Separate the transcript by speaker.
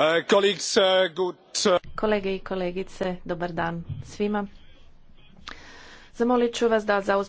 Speaker 1: Uh, uh,
Speaker 2: uh, Kolege i kolegice, dobar dan svima. Zamolit ću vas da
Speaker 3: zauzmete